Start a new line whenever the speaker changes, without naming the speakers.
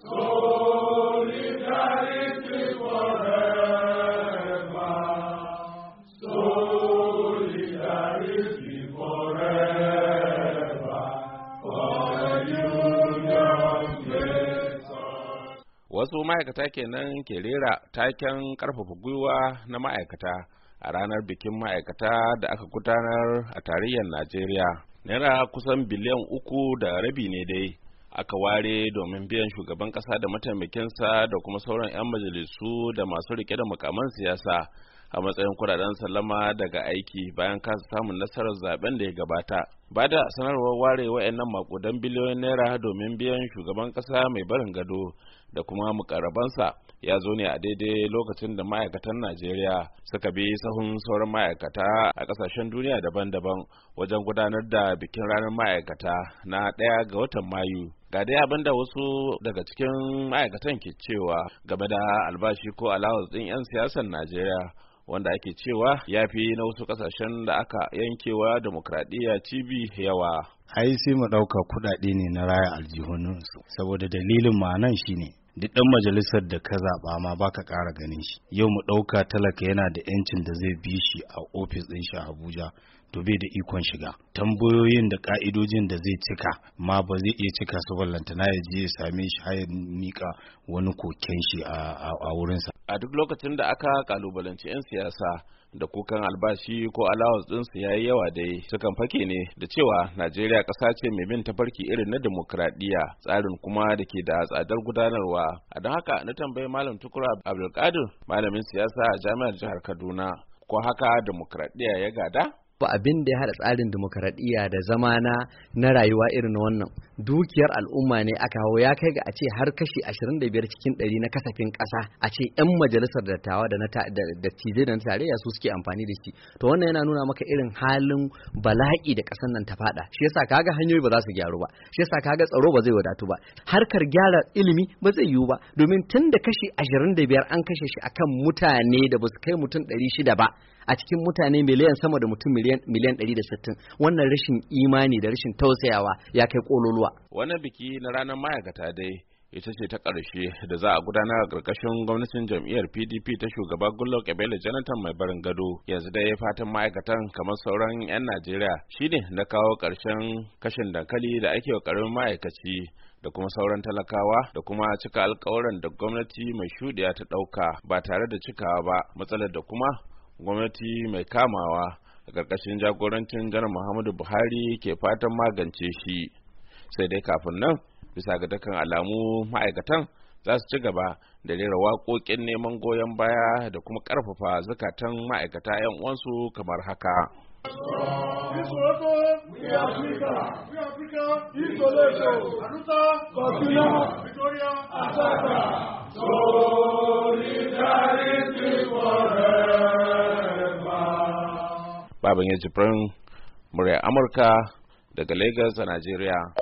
wasu
ma'aikata kenan ke rera taken ƙarfafa gwiwa na ma'aikata a ranar bikin ma'aikata da aka gudanar a tarayyar najeriya naira kusan biliyan uku da rabi ne dai aka ware domin biyan shugaban kasa da mataimakinsa da kuma sauran 'yan majalisu da masu rike da mukaman siyasa a matsayin kudaden sallama daga aiki bayan kasa samun nasarar zaben da ya gabata. ba da sanarwar ware wa'annan makudan biliyoyin naira domin biyan shugaban kasa mai barin gado da kuma mukarabansa ya zo ne a daidai lokacin da ma'aikatan najeriya suka bi sahun sauran ma'aikata a kasashen duniya daban-daban wajen gudanar da bikin ranar ma'aikata na ɗaya ga watan mayu ga dai abin da wasu daga cikin ma'aikatan ke cewa game da albashi ko al'awar ɗin 'yan siyasar najeriya wanda ake cewa ya fi na wasu kasashen da aka yankewa demokradiyya cibi yawa ai sai mu ɗauka kuɗaɗe ne na raya aljihunansu saboda dalilin ma'anan shine duk ɗan majalisar da ka zaɓa ma baka ƙara ganin shi yau mu ɗauka talaka yana da 'yancin da zai bi shi a ofis ɗin shi a abuja to bai da ikon shiga tambayoyin da ka'idojin da zai cika ma ba zai iya cika su lantana ya je ya same shi har ya mika wani koken shi a wurinsa a duk lokacin da aka kalubalanci 'yan siyasa da kukan albashi ko allowance dinsu ya yi yawa dai sukan fake ne da cewa najeriya ƙasa ce mai bin tafarki irin na demokradiyya tsarin kuma da ke da tsadar gudanarwa a don haka na tambayi malam tukura abdulkadir malamin siyasa a jami'ar jihar kaduna ko haka demokradiyya ya gada
ba abin da ya haɗa tsarin demokaradiyya da zama na na rayuwa irin wannan dukiyar al'umma ne aka hau ya kai ga a ce har kashi 25 cikin 100 na kasafin kasa a ce 'yan majalisar dattawa da da cije da na tarayya su suke amfani da shi to wannan yana nuna maka irin halin bala'i da ƙasar nan ta fada shi yasa kaga hanyoyi ba za su gyaru ba shi yasa kaga tsaro ba zai wadatu ba harkar gyara ilimi ba zai yiwu ba domin tun da kashi 25 an kashe shi akan mutane da ba su kai mutum 600 ba a cikin mutane miliyan sama da mutum miliyan 160 wannan rashin imani da rashin tausayawa ya kai kololuwa
wannan biki na ranar ma'aikata dai ita ce ta ƙarshe da za a gudanar a ƙarƙashin gwamnatin jam'iyyar pdp ta shugaba goodluck ebele jonathan mai barin gado yanzu dai fatan ma'aikatan kamar sauran 'yan najeriya shine na kawo ƙarshen kashin dankali da ake wa ƙaramin ma'aikaci da kuma sauran talakawa da kuma cika alkawuran da gwamnati mai shuɗiya ta ɗauka ba tare da cikawa ba matsalar da kuma gwamnati mai kamawa a ƙarƙashin jagorancin janar muhammadu buhari ke fatan magance shi sai dai kafin nan bisa ga dukkan alamu ma'aikatan za su ci gaba da rera waƙoƙin neman goyon baya da kuma ƙarfafa zukatan ma'aikata 'yan uwansu kamar haka.
Victoria, Asaka.
Aban ya jibrin murya amurka daga lagos a nigeria